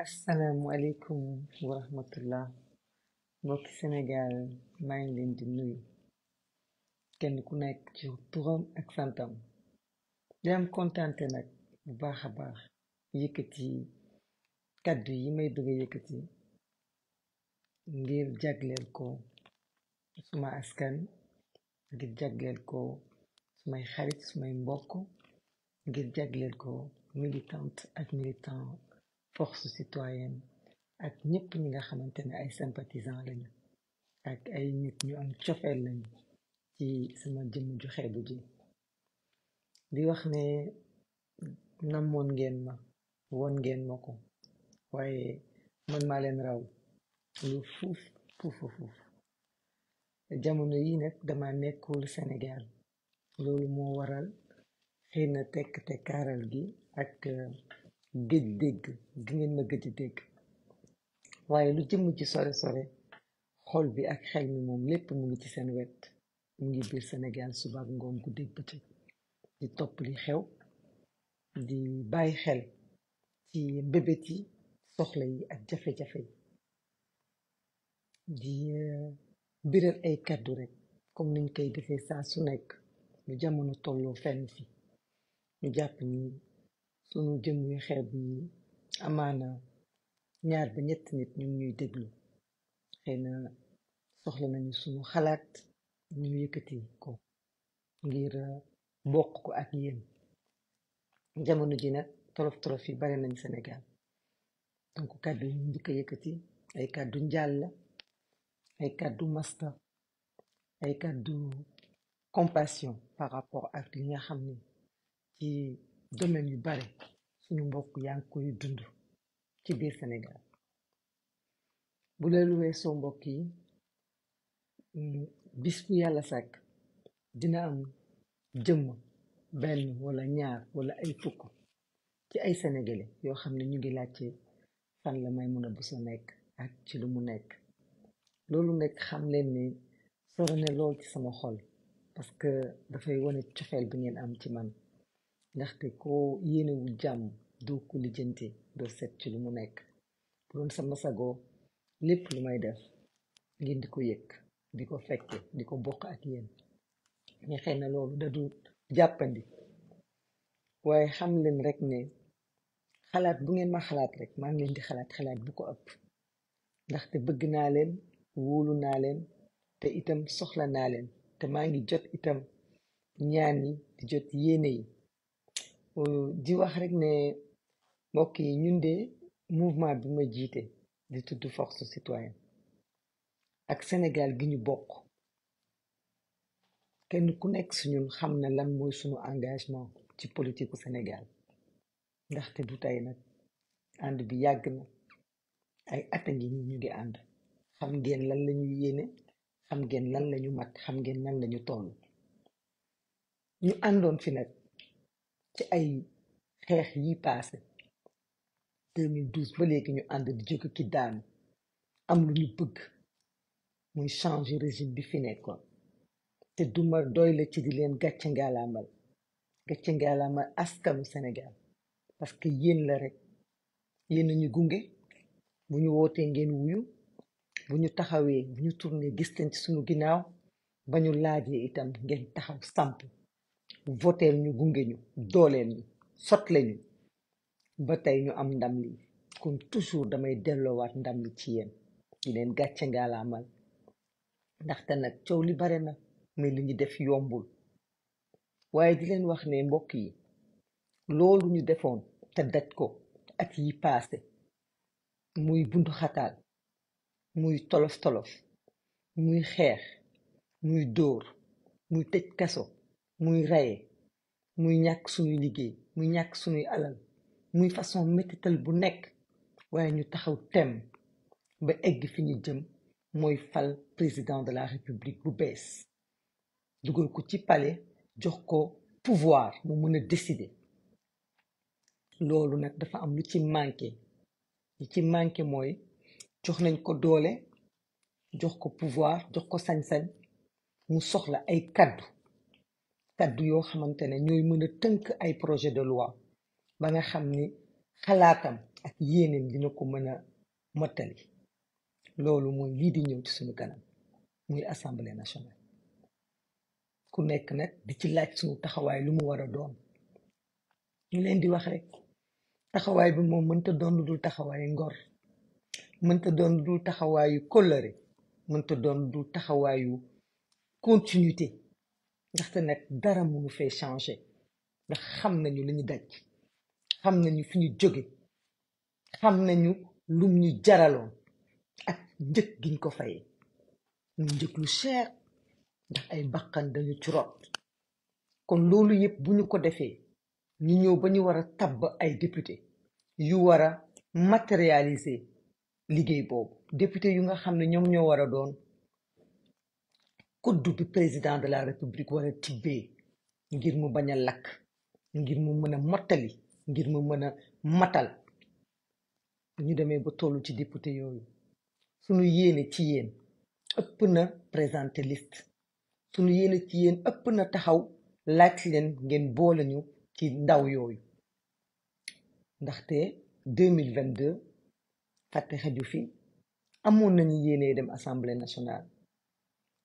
السلام عليكم ورحمة الله mbokki Sénégal maa ngi leen di nuyu kenn ku nekk ci turam ak santam di am kontante nag bu baax a baax yëkkati kaddu yi may bëgg a yëkkati ngir jagleel ko suma askan ngir jagleel ko sumay xarit sumay mbokk ngir jagleel ko militante ak militant force citoyenne ak ñëpp ñi nga xamantene ay sympathisants lañu ak ay nit ñu am ciofel lañu ci sama jëm ju xébu ji di wax ne namon ngeen ma won ngeen mako waye man ma leen raw lu fuf fuf fuf jamono yi nag dama nekkul Sénégal loolu mo waral xeyna tek te karal gi ak géej dégg di ngeen ma gëj dégg waaye lu jëmm ci sore sore xol bi ak xel mi moom lépp mu ngi ci seen wet mu ngi biir Sénégal suba ak ngoon ku dégg bëccëg di topp li xew di bàyyi xel ci mbébét yi soxla yi ak jafe-jafe yi di euh, biral ay kaddu rek comme niñ koy defee saa su nekk lu jamono tolloo fenn fi ñu jàpp ni sunu jëm yu xeeb ñaar ba ñett nit ñu ñuy déglu xëy soxla nañu sunu xalaat ñu yëkkati ko ngir euh, ak yéen jamono ji tolof tolof yi Sénégal donc ay ay ay compassion par rapport ak li domaine yu bari suñu mbokk yaa koy dund ci biir Sénégal bu loolu weesoo mbokk yi bis bu yàlla sàkk dina am jëmm benn wala ñaar wala ay fukk ci ay sénégalais yoo xam ne ñu ngi laajte fan la Maimouna Bousso nekk ak ci lu mu nekk loolu nekk xam leen ni sore na lool ci sama xol parce dafay wane cofeel bi ngeen am ci man ndaxte ko yéenewul jàmm doo ko lijjante doo set ci lu mu nekk bu doon sama sago lépp lu may def ngeen di ko yëg di ko fekke di ko bokk ak yéen ñi xëy na loolu dadu jàppandi waaye xam leen rek ne xalaat bu ngeen ma xalaat rek maa ngi leen di xalaat xalaat bu ko ëpp ndaxte bëgg naa leen wóolu naa leen te itam soxla naa leen te maa ngi jot itam ñaan yi jot yéene Euh, di wax rek ne mbokk yi ñun de mouvement bi ma jiite di tudd force citoyenne ak Sénégal gi ñu bokk kenn ku nekk si ñun xam na lan mooy suñu engagement ci politiku Sénégal ndaxte du tey nag ànd bi yàgg na ay at ngi ñu ñu ngi ànd xam ngeen lan la ñuy yéene xam ngeen lan la ñu mat xam ngeen lan la ñu toll ñu àndoon fi nag. ci ay xeex yi paase 2012 ba léegi ñu ànd di jóge ki daan am lu ñu bëgg muy changer régime bi fi nekkoon te duma doy la ci di leen gàcce ngaalaamal gàcce ngaalaamal askanu Sénégal parce que yéen la rek yéen ñu gunge bu ñu wootee ngeen wuyu bu ñu taxawee bu ñu tourné gis leen ci suñu ginnaaw ba ñu laajee itam ngeen taxaw samp voteel ñu gunge ñu dooleel ñu sotle ñu ba tey ñu am ndam li kon toujours damay delloowaat ndam li ci yéen di leen gàcce ngaalaamal ndaxte nag coow li bare na mais li ñu def yombul waaye di leen wax ne mbokk yi loolu ñu defoon te daj ko ak yi paase muy buntu xataal muy tolof tolof muy xeex muy dóor muy tëj kaso muy reye muy ñàkk suñu liggéey muy ñàkk suñuy alal muy façon nous bu nekk waaye ñu taxaw tem ba egg fi jëm fal président de la république bu bees dugal ko ci palais jox ko pouvoir mu mën décider loolu nag dafa am lu ci manqué ci manqué mooy jox nañ ko doole jox ko pouvoir jox ko sañ-sañ mu soxla ay kaddu yoo xamante ne ñooy mën a tënk ay projet de loi ba nga xam ni xalaatam ak yéeneem dina mën a mottali loolu mooy lii di ñëw ci suñu kanam muy assemblée ku nekk nag di ci laaj suñu taxawaay lu mu war a doon ñu leen di wax rek taxawaay bi moom mënta doon lu dul taxawaayu ngor mënta doon lu dul taxawaayu kóllëre mënta doon lu dul taxawaayu continuité ndaxte nag dara mënu fee changé ndax xam nañu li ñu daj xam nañu fi ñu jóge xam nañu lum ñu jaraloon ak njëg giñ ko fayee mu njëg lu cher ndax ay bakkan dañu ci kon loolu yëpp bu ñu ko defee ñu ñëw ba ñu war a tabb ay député yu war a matérialiser liggéey boobu député yu nga xam ne ñoom ñoo war a doon kuddu bi président de la république war a tibbee ngir mu bañ a lakk ngir mu mën a mottali ngir mu mën a matal bu ñu demee ba tollu ci député yooyu sunu yéene ci yéen ëpp na présenter list sunu yéene ci yéen ëpp na taxaw laaj leen ngeen boole ñu ci ndaw yooyu ndaxte 2022 fàtte xaju fi amoon nañu yéene dem assemblée nationale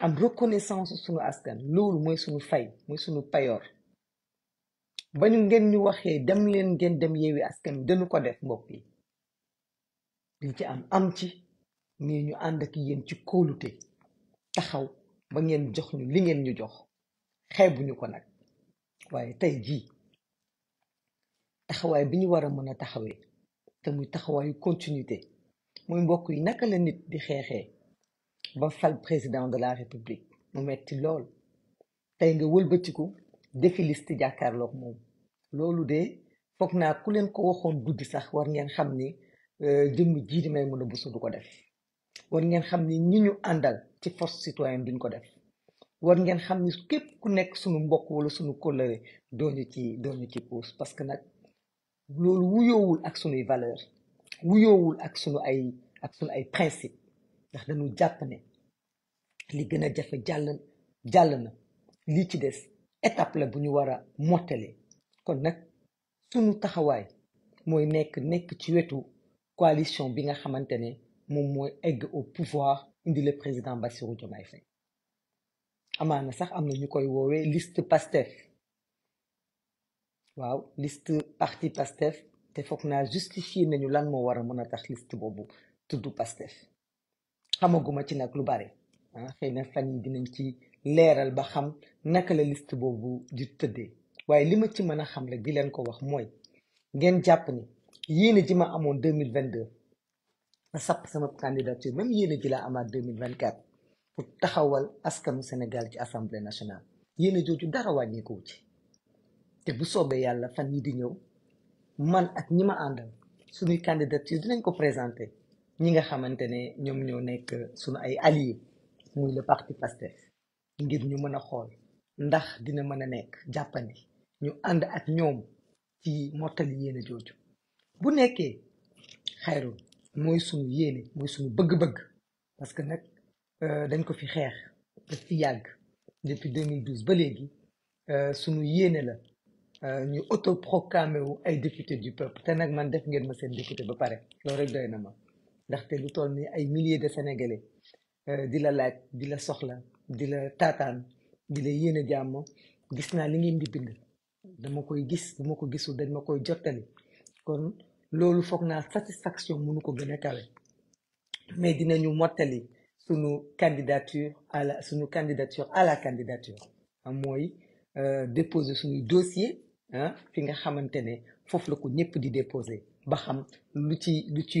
am reconnaissance suñu askan loolu mooy suñu fay mooy suñu payoor ba ñu ngeen ñu waxee dam leen ngeen dem yeewi askan wi dañu ko def mbokk yi diñ ci am am nii ñu ànd ak ci kóolute taxaw ba ngeen jox ñu li ngeen ñu jox xeebuñu ko nag waaye tey jii taxawaay bi ñu wara a mën a taxawee te muy taxawaayu continuité muy mbokk yi naka la nit di xeexee ba fal président de la république mu metti lool tey nga wëlbatiku defi liste jàkkaarloog moom loolu de foog naa ku leen ko waxoon guddi sax war ngeen xam ni euh, jëmm jii di may mën a busu du ko def war ngeen xam ni ñi ñu àndal ci force citoyen duñ ko def war ngeen xam ni képp ku nekk suñu mbokk wala suñu kóllëre dooñu ci dooñu ci puus parce que nag loolu wuyoowul ak suñuy valeur wuyoowul ak suñu ay ak suñu ay principe ndax dañu jàpp ne li gën a jafe jàll jàll na li ci des étape la bu ñu war a mottale kon nag sunu taxawaay mooy nekk nekk ci wetu coalition bi nga xamante ne moom mooy egg au pouvoir indi le président Bassirou Diomaye Faye amaana sax am na ñu koy woowee liste Pastef waaw liste parti Pastef te foog naa justifier nañu lan moo war a mën a tax liste boobu tudd Pastef xamaguma ci nag lu bari ah xëy na fan yi dinañ ci leeral ba xam naka la liste boobu di tëddee waaye li ma ci mën a xam rek di leen ko wax mooy ngeen jàpp ni yéene ji ma amoon deux mille vingt deux ma sapp sama candidature même yéene ji laa amaat deux mille vingt quatre pour taxawal askanu Sénégal ci assemblée nationale yéene jooju dara wàññeekuwu ci te bu soobee yàlla fan yi di ñëw man ak ñi ma àndal suñuy candidature dinañ ko présenter ñi nga xamante ne ñoom ñoo nekk suñu ay alliés muy le parti Pastef ngir ñu mën a xool ndax dina mën a nekk jàppandi ñu ànd ak ñoom ci mottali yéene jooju bu nekkee xayrul mooy suñu yéene mooy suñu bëgg-bëgg parce que nag euh, dañ ko fi xeex daf fi yàgg depuis 2012 ba léegi euh, suñu yéene la euh, ñu autoproclamé wu ay député du peuple te nag man def ngeen ma seen député ba pare loolu rek doy na ma ndaxte lu toll ni milliers de sénégalais euh, di la laaj di la soxla di la taataan di la gis naa li ngeen di dama koy gis bu ko dañ kon loolu foog satisfaction mënu ko gën a kawe mais dinañu mottali suñu candidature à la candidature à la candidature mooy euh, déposer suñu dossier hein fi nga xamante ne la ko ñëpp di déposer ba xam lu ci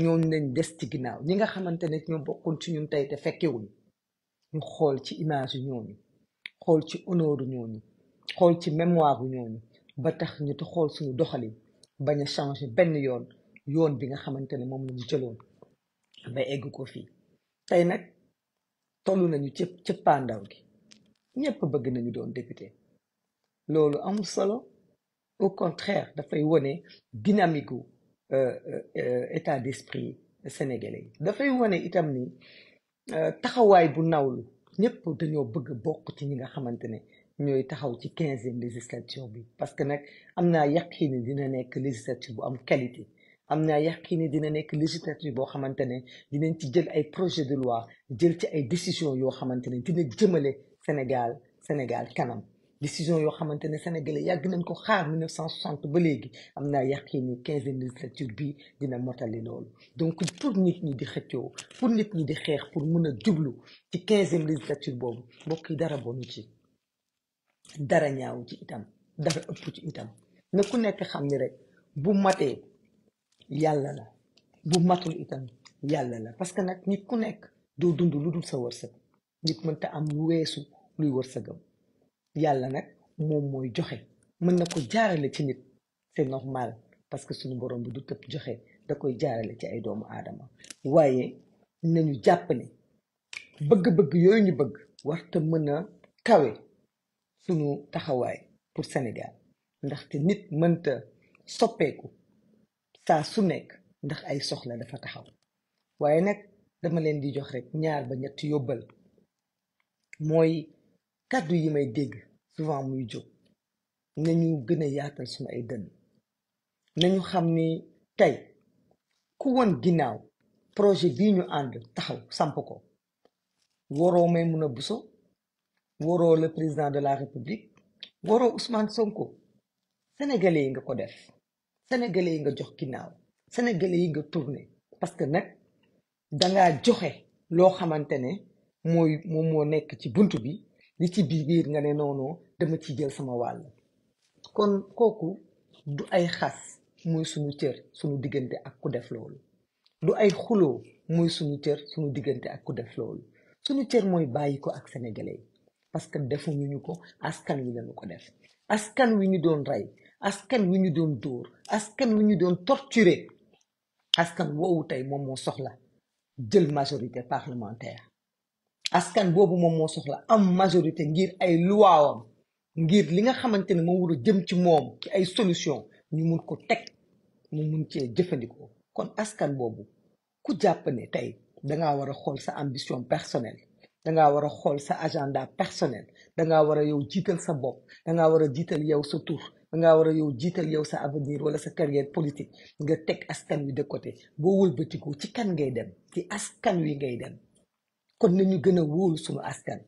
ñooñu nañ des ci ginnaaw ñi nga xamante ne ñoo ci ñu tey te fekkewuñ ñu xool ci image yu ñooñu xool ci honneur yu ñooñu xool ci mémoire yu ñooñu ba tax ñu te xool suñu doxalin bañ a changé benn yoon yoon bi nga xamante ne moom nañu jëloon ba egg ko fii tey nag toll nañu ci ci pàndaw gi ñëpp bëgg nañu doon député loolu amul solo au contraire dafay wone dynamique Euh, euh, euh, état d'esprit sénégalais yi dafay woné itam ni taxaway bu nawlu ñëpp dañoo bëgg a bokk ci ñi nga taxaw ci e législature parce que am législature qualité dina législature projet de loi jël ci ay décision yo xamante dina Sénégal Sénégal décision yo xamante sénégalais yag ko xaar 1960 ba légui amna ni législature bi dina motali donc pour nit ñi di pour nit ñi di xex pour mëna djublu ci 15e législature bobu mbokk yi ci dara ñaaw ci itam dara ëpp ci itam ku nekk rek bu la bu matul itam la parce que nous, nit ku nekk do dund dul sa nit am luy yàlla nag moom mooy joxe mën na ko jaarale ci nit c'est normal parce que suñu borom bi du tëb joxe da koy jaarale ci ay doomu aadama waaye nañu jàpp ne bëgg-bëgg yooyu ñu bëgg waxta mën a kawe suñu taxawaay pour Sénégal ndaxte nit mënta soppeeku saa su nekk ndax ay soxla dafa taxaw waaye nag dama leen di jox rek ñaar ba ñett yóbbal mooy kàddu yi may dégg souvent muy jóg nañu gën a yaatal suñu ay dënn nañu xam ni tey ku won ginnaaw projet bi ñu ànd taxaw samp ko waroo Maimouna Bousso waroo le président de la république waroo Ousmane Sonko sénégalais yi nga ko def sénégalais yi nga jox ginnaaw sénégalais yi nga tournée parce que nag dangaa joxe loo xamante ne mooy moom moo nekk ci bunt bi li ci biir nga ne dama ci jël sama wàll kon kooku du ay xas muy sunu cër sunu diggante ak ku def loolu du ay xuloo muy sunu cër sunu diggante ak ku def loolu sunu cër mooy bàyyi ko ak sénégalais parce que defuñu ñu ko askan wi lañu ko def askan wi ñu doon rey askan wi ñu doon dóor askan wi ñu torturer askan woowu soxla jël majorité parlementaire askan boobu moom moo soxla am majorité ngir ay luwaawam ngir li nga xamante ne moo war jëm ci moom ci ay solution ñu mun ko teg mu mun cee jëfandikoo kon askan boobu ku jàpp ne tey dangaa war a xool sa ambition personnel dangaa war a xool sa agenda personnel dangaa war a yow jiital sa bopp dangaa war a jiital yow sa tur dangaa war a yow jiital yow sa avenir wala sa carrière politique nga teg askan wi de côté boo wëlbatiku ci kan ngay dem ci askan wi ngay dem kon nañu gën a wóolu suñu askan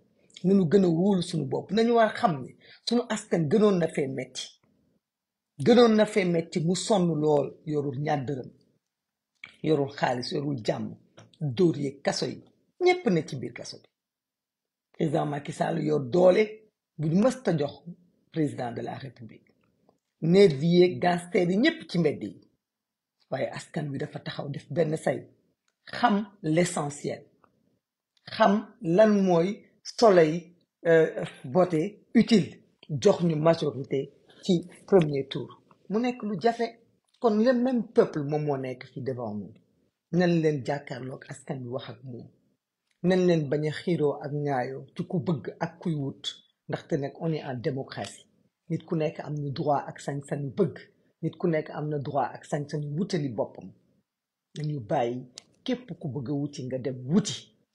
nañu gën a wóolu suñu bopp nañu war xam ne suñu askan gënoon na fee metti gënoon na fee metti mu sonn lool yorul ñaar dërëm yorul xaalis yorul jàmm dóor yeeg kaso yi ñépp ci biir kaso bi président Macky yor doole bu mës ta jox président de la république nervis yeeg gangster yi ñépp ci mbedd yi waaye askan wi dafa taxaw def benn say xam l'essentiel xam lan mooy soleil euh, utile jox ñu majorité ci premier tour mu nekk lu kon le même peuple moom moo fi devant nous nan leen jàkkaarloog askan wax ak moom a ak ci ku bëgg ak wut est en démocratie nit ku nekk am na droit ak sañ bëgg nit ku am na droit ak sañ wutali boppam nañu bàyyi képp ku bëgg dem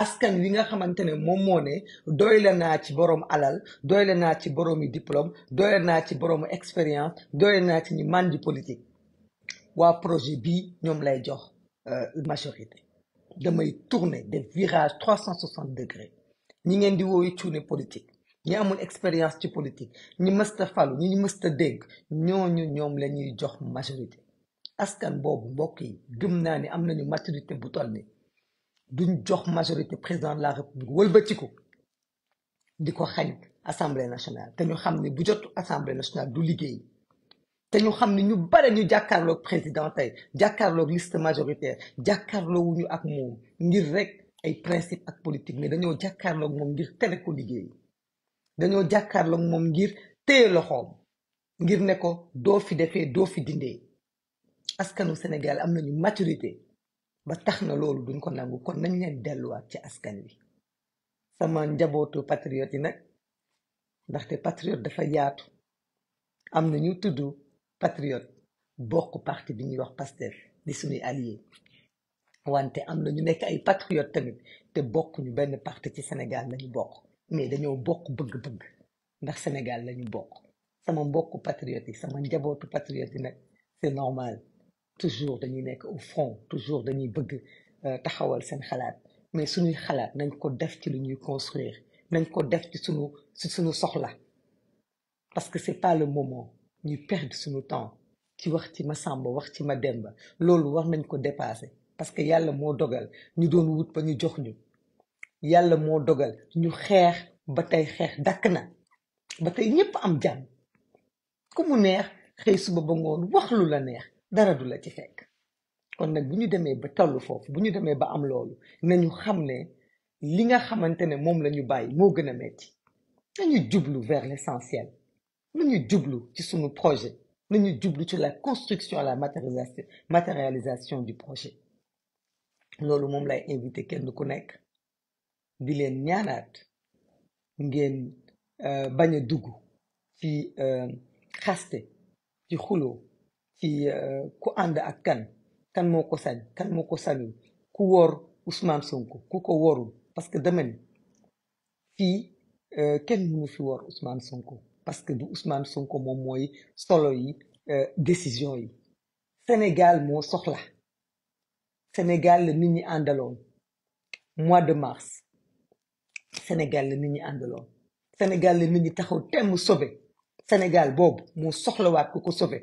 askan wi nga xamantene ne moom ne ci borom alal doy ci borom diplôme doy ci borom expérience doy la ci ni politique wa projet bi ñom lay jox euh, majorité damay tourner des virages 360 degrés ñi ngeen di woy tourner politique ñi amul expérience ci politique ñi mësta falu ñi ñu mësta dégg ñooñu ñom lañuy jox majorité askan bobu mbokk yi gëm naa ni am nañu maturité bu toll d'une jox majorité président de la république wëlbatiku di ko assemblée nationale te ñu xam bu jot assemblée nationale du liggéey te ñu xam ne ñu bare ñu jàkkaarloog président tey liste majoritaire jàkkaarloowu ak moom ngir rek ay principe ak politique mais dañoo jàkkaarloog moom ngir tere ko liggéey dañoo jàkkaarloog moom ngir téye loxoom ngir ne ko doo fi defee doo fi dindee askanu Sénégal am nañu maturité ba tax na loolu duñ ko nangu kon nañ leen delluwaat ci askan wi sama njabootu patriote yi nag ndaxte patriote dafa yaatu am na ñu tudd patriote bokk parti bi ñuy wax Pastef di suñuy allié wante am na ñu nekk ay patriote tamit te bokk benn parti ci Sénégal lañu bokk mais dañoo bokk bëgg-bëgg ndax Sénégal lañu bokk sama mbokku patriote yi sama njabootu patriote yi nag c'est normal toujours dañuy nekk au front toujours dañuy bëgg euh, taxawal seen xalaat mais suñuy xalaat nañ ko def ci lu ñuy construire nañ ko def ci suñu ci suñu soxla parce que c'est pas le moment ñu perdre suñu temps ci wax ci ma Masamba wax ci ma Mademba loolu war nañ ko dépasser parce que yàlla moo dogal ñu doon wut ba ñu jox ñu yàlla moo dogal ñu xeex ba tey xeex dakk na ba tey ñëpp am jàmm ku mu neex xëy suba ba ngoon wax lu la neex dara du la ci fekk kon nag bu ñu ba foofu bu ñu ba am nañu li nga vers l'essentiel nañu jublu ci sunu projet nañu ci la construction la matérialisation du projet loolu lay invité kenn ku nekk di leen ñaanaat ngeen euh, bañ a euh, xaste ci ci euh, ku and ak kan kan moko sañ kan Moko Salu, ku Ousmane Sonko ku ko parce que demain, euh, fi quel fi Ousmane Sonko parce que du Ousmane Sonko mom moy solo yi euh, décision yi Sénégal mo soxla Sénégal le nit andalon mois de mars Sénégal le mini-Andalon, Sénégal le nit ñi taxaw temm sauvé Sénégal bob mon soxlawaat ku ko sauver.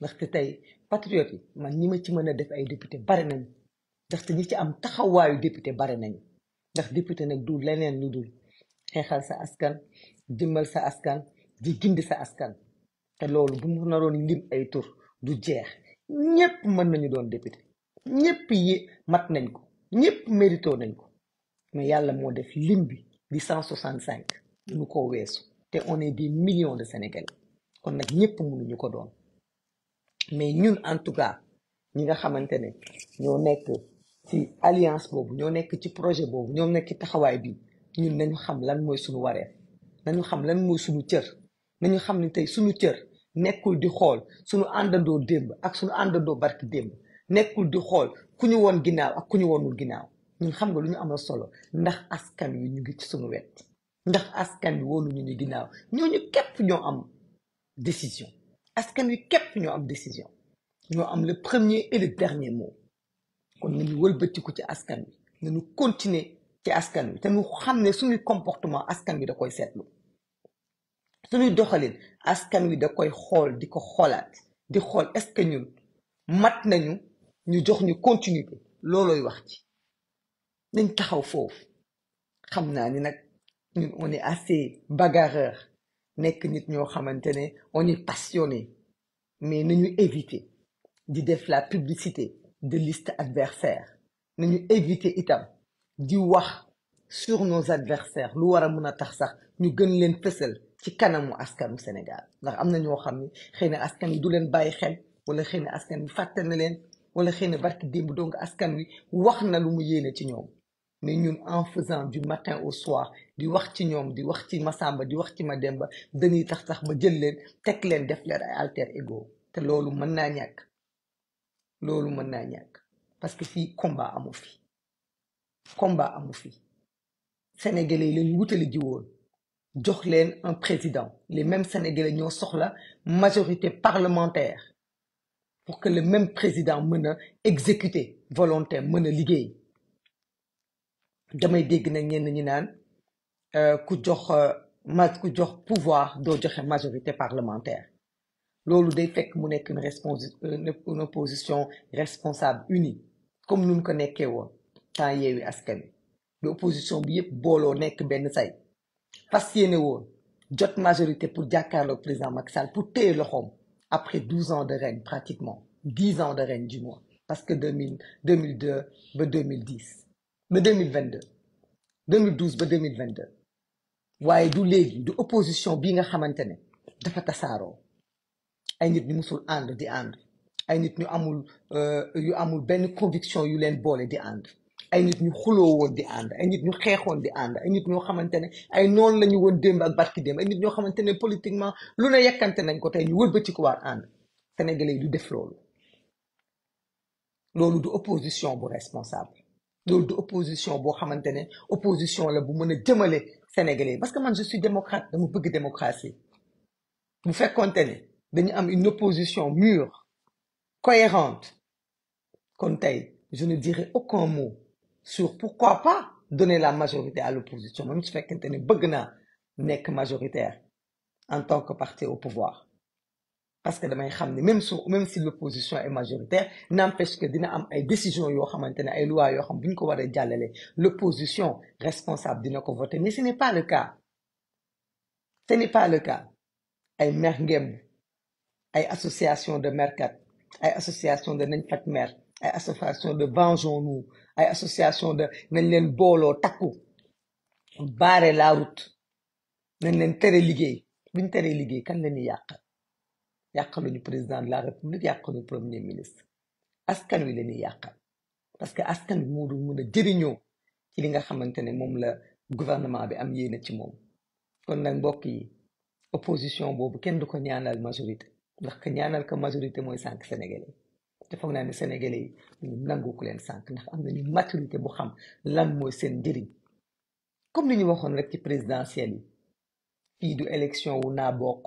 ndaxte tey patriote yi man ñi ma ci mën a def ay député bare nañ ndaxte ñi ci am taxawaayu député bare nañ ndax député nag du leneen lu dul xeexal sa askan jëmmal sa askan di gindi sa askan te loolu bu mu naroon lim ay tur du jeex ñëpp mën nañu doon député ñëpp yi mat nañ ko ñëpp mérito nañ ko mais yàlla moo def lim bi di cent soixante cinq ñu ko weesu te on est des millions de Sénégalais kon nag ñëpp mënuñu ko doon mais nous en tout cas nous nga ne ñoo nekk ci alliance boobu ñoo nekk ci projet boobu ñoo nekk nous taxawaay bi ñun nañu xam lan mooy suñu nous nañu xam lan mooy suñu cër nañu xam ne nous suñu cër nekkul di xool suñu àndandoo le ak suñu àndandoo barki démb nekkul di xool ku nous sommes ak ku ñu nous n'est ñun xam nga lu nous amal solo ndax askan wi ñu ngi ci suñu de ndax askan am décision askan wi képp ñoo am décision ñoo am le premier et le dernier mot kon nañu wëlbatiku ci askan wi nañu continuer ci askan wi te ñu xam ne suñuy comportement askan wi da koy seetlu suñu doxalin askan wi da koy xool di ko xoolaat di xool est-ce que ñun mat nañu ñu jox ñu continuité loolooy wax ci nañ taxaw foofu xam naa ni nag ñun on est assez bagarreur nek nit ñoo xamantene on est passionné mais nañu éviter di def la publicité de liste adversaire nañu éviter itam di wax sur nos adversaires lu wara mëna tax sax ñu gën leen fessel ci kanamu askanu Sénégal ndax am na ñoo xam ne xëy na askan wi du leen bàyyi xel wala xëy na askan wi fàtte na leen wala xëy na barki démb donc askan wi wax na lu mu yéene ci ñoom mais ñun en faisant du matin au soir du wax ci du di wax ci Masamba di wax ci Mademba dañuy tax tax ba jël leen leen def leen ay alter ego te loolu mën naa ñàkk parce que fi combat amu fi combat amu fi sénégalais le lañ wutale ji woon jox leen un président les mêmes sénégalais ñoo soxla majorité parlementaire pour que le même président mën exécuté exécuter volontaire mën damay dégg dis ñenn ñi naan euh, ku jox euh, ma ku jox pouvoir de joxe majorité parlementaire loolu day fekk mu une opposition responsable unie comme nous ko nekkee woon temps yeewi askan eu bi L'opposition bi yépp booloo nekk benn say fas yéene woon jot majorité pour le président Macky Sall pour téye loxoom après 12 ans de règne pratiquement dix ans de règne du moins parce que 2002-2010 ba 2022 2012 ba 2022 waaye du léegi du opposition bii nga xamante ne dafa tasaaroo ay nit ñu musul ànd di ànd ay nit ñu amul euh, yu amul benn conviction yu leen boole di ànd ay nit ñu xuloo woon di ànd ay nit ñu xeexoon di ànd ay nit ñoo xamante ne ay noonu la ñu woon démb ak barki démb ay nit ñoo xamante ne politiquement lu ne yekkante nañ ko tey ñu wëlbati ko waar ànd sénégalais yi du def loolu loolu du opposition bu responsable d'opposition l'opposition, opposition opposition la bu sénégalais parce que moi, je suis démocrate dama bëgg démocratie Vous faites compte, dañu une opposition mûre cohérente je ne dirai aucun mot sur pourquoi pas donner la majorité à l'opposition même ne bëgg pas majoritaire en tant que parti au pouvoir parce que damay même si même si l'opposition est majoritaire n'empêche que dina am ay décision yo xamantene ay loi yo xam buñ ko wara jallalé l'opposition responsable dina ko voter mais ce n'est pas le cas ce n'est pas le cas ay Mergem, ay association de mercat ay association de nagn Fat Mer, ay association de vengeons-nous ay association de nagn len bolo takku barrer la route nañ leen tere liggéey buñ kan yàqaluñu président de la république yàqaluñu premier ministre askan wi la ñuy yàqal parce que askan wi moo dul mën a jëriñoo ci li nga xamante ne moom la gouvernement bi am yéene ci moom kon nag mbokk yi opposition boobu kenn du ko ñaanal majorité ndax que ñaanal ko majorité mooy sànq sénégalais te foog naa ne sénégalais yi ñu nangu ku leen sànq ndax am nañu maturité bu xam lan mooy seen njëriñ comme ni ñu waxoon rek ci présidentiel yi fii du élection wu naa bokk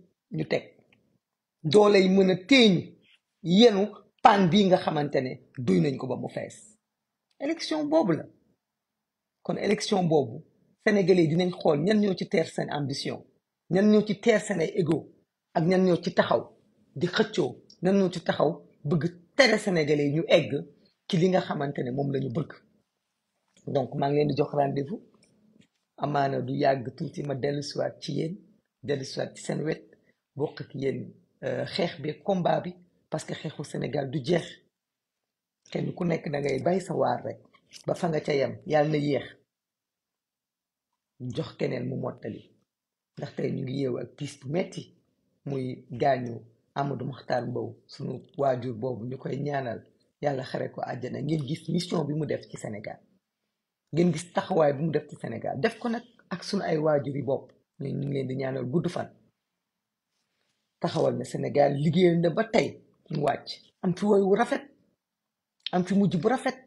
ñu teg doole yi mën a téeñu yenu pan bii nga xamante ne duy nañ ko ba mu fees élection boobu la kon election boobu sénégalais dinañ xool ñan ñoo ci teer seen ambition ñan ñoo ci teer seen ay égo ak ñan ñoo ci taxaw di xëccoo ñan ñoo ci taxaw bëgg tere sénégalais ñu egg ci li nga xamante ne moom lañu bëgg donc maa ngi leen di jox rendez-vous amaana du yàgg tuuti ma dellusiwaat ci yéen dellusiwaat ci seen wet bokk ak yéen euh, xeex bi combat bi parce que xeexu Sénégal du jeex kenn ku nekk da ngay bay sa waar rek ba fa nga ca yem yàlla na yéex jox keneen mu mottali ndax tey ñu ngi yeew ak tiis bu metti muy gaañu Amadou Makhtar Mbow sunu waajur boobu ñu koy ñaanal yàlla xaree ko àjjana ngeen gis mission bi mu def ci Sénégal ngeen gis taxawaay bi mu def ci Sénégal def ko nag ak sunu ay waajur yi bopp ñu ngi leen di ñaanal gudd fan. taxawal na Sénégal liggéeyal na ba tey mu wàcc am fi woy rafet am mujj bu rafet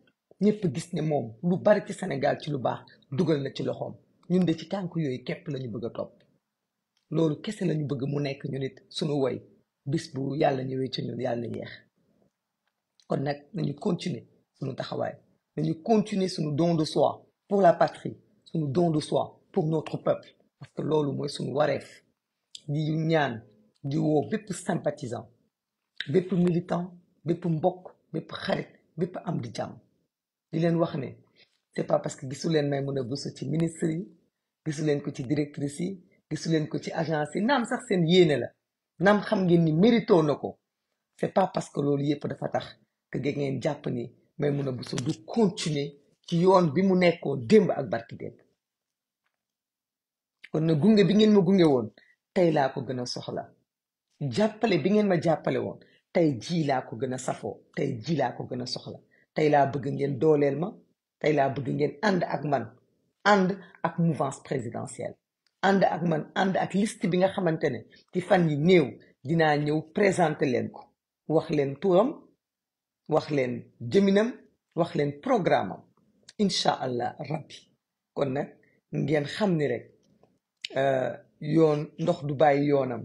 gis ne moom lu bari ci Sénégal ci lu baax dugal na ci loxoom ñun de ci tànk yooyu képp lañu bëgg a loolu kese lañu bëgg mu nekk ñu suñu woy bis bu yàlla ñëwee ci ñun yàlla yeex kon nag nañu continuer suñu taxawaay nañu continuer suñu don de soi pour la patrie suñu don de soi pour notre peuple parce que loolu mooy suñu wareef di ñaan di woo bépp sympathisant bépp militant bépp mbok, bépp xarit bépp am di jàmm di leen wax ne c'est pas parce que gisu leen Maimouna Bousso ci ministre yi gisu leen ko ci directrice yi gisu leen ko ci agence nam naam sax seen yéene la nam xam ngeen ni mérito na c'est pas parce que loolu yëpp dafa tax que gé ngeen jàpp ni Maimouna Bousso du continuer ci yoon bi mu nekkoon démb ak barki démb kon na gunge bi ngeen ma gunge woon tey laa ko gën a soxla jàppale bi ngeen ma jàppale won tay ji la ko gëna safo tay ji la ko gëna soxla tay la bëgg ngeen dooleel ma tay la bëgg ngeen ànd ak man ànd ak mouvance présidentielle ànd ak man ànd ak liste bi nga xamantene ci fan yi néew dina ñëw présenter leen ko wax leen touram wax leen jëminam wax leen programme am allah rabbi kon nak ngeen xamni rek euh yoon ndox du bàyyi yoonam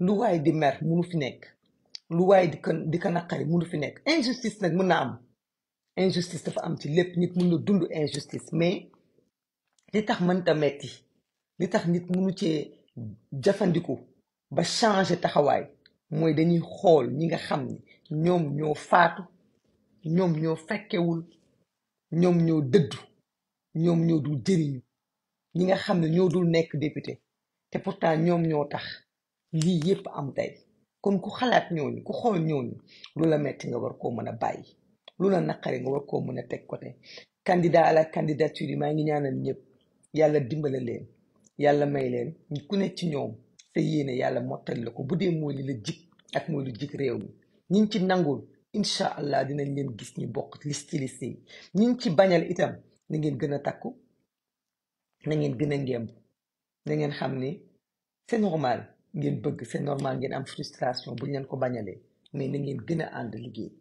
lu waay di mer munu fi nekk lu waay di ko di ko naqari munu fi nekk injustice nag mën na am injustice dafa am ci lépp nit mun na dund injustice mais li tax mënta metti li tax nit munu ci jëfandikoo ba changer taxawaay mooy dañuy xool ñi nga xam ni ñoom ñoo faatu ñoom ñoo fekkewul ñoom ñoo dëddu ñoom ñoo dul jëriñu ñi nga xam ne ñoo dul nekk député te pourtant ñoom ñoo tax lii yépp am tey kon ku xalaat ñooñu ku xool ñooñu lu la metti nga war koo mën a bàyyi lu la naqari nga war koo mën a teg côté candidat à la candidature maa ngi ñaanal ñëpp yàlla dimbale leen yàlla may leen ku nekk ci ñoom te yéene yàlla mottali la ko bu dee mooy li la jik ak mooy lu jik réew mi ñi ci nangul incha allah dinañ leen gis ñi bokk liste liste yi ñi ci bañal itam na ngeen gën a takku na ngeen gën a ngemb na ngeen xam ni c'est normal ngeen bëgg c'est normal ngeen am frustration buñ leen ko bañalee mais na ngeen gën a ànd liggéey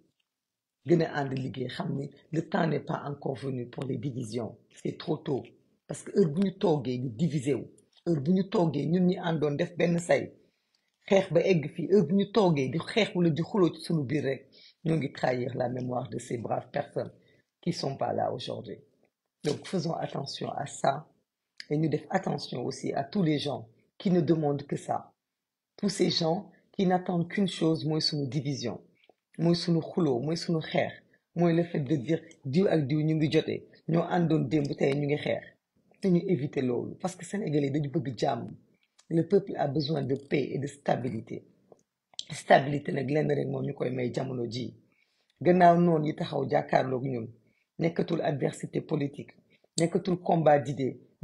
gën a ànd liggéey xam ni le temps n'est pas encore venu pour les divisions c'est trop tôt parce que heure bu ñu toogee ñu divisé wu heure bu ñu toogee ñun ñi àndoon def benn say xeex ba egg fii heure bu ñu toogee di xeex wala di xuloo ci suñu biir rek ñoo ngi trahir la mémoire de ces braves personnes qui sont pas là aujourd'hui donc faisons attention à ça et ñu def attention aussi à tous les gens qui ne demandent que ça tous ces gens qui n'attendent qu'une chose divisions, moins division nos suñu moins sous nos rires, moins le fait de dire Dieu a Dieu ñu ngi nous avons bouteilles, nous ñu ngi Nous éviter parce que sénégalais le peuple a besoin de paix et de stabilité stabilité faire. nous may Nous adversité politique combat d'idées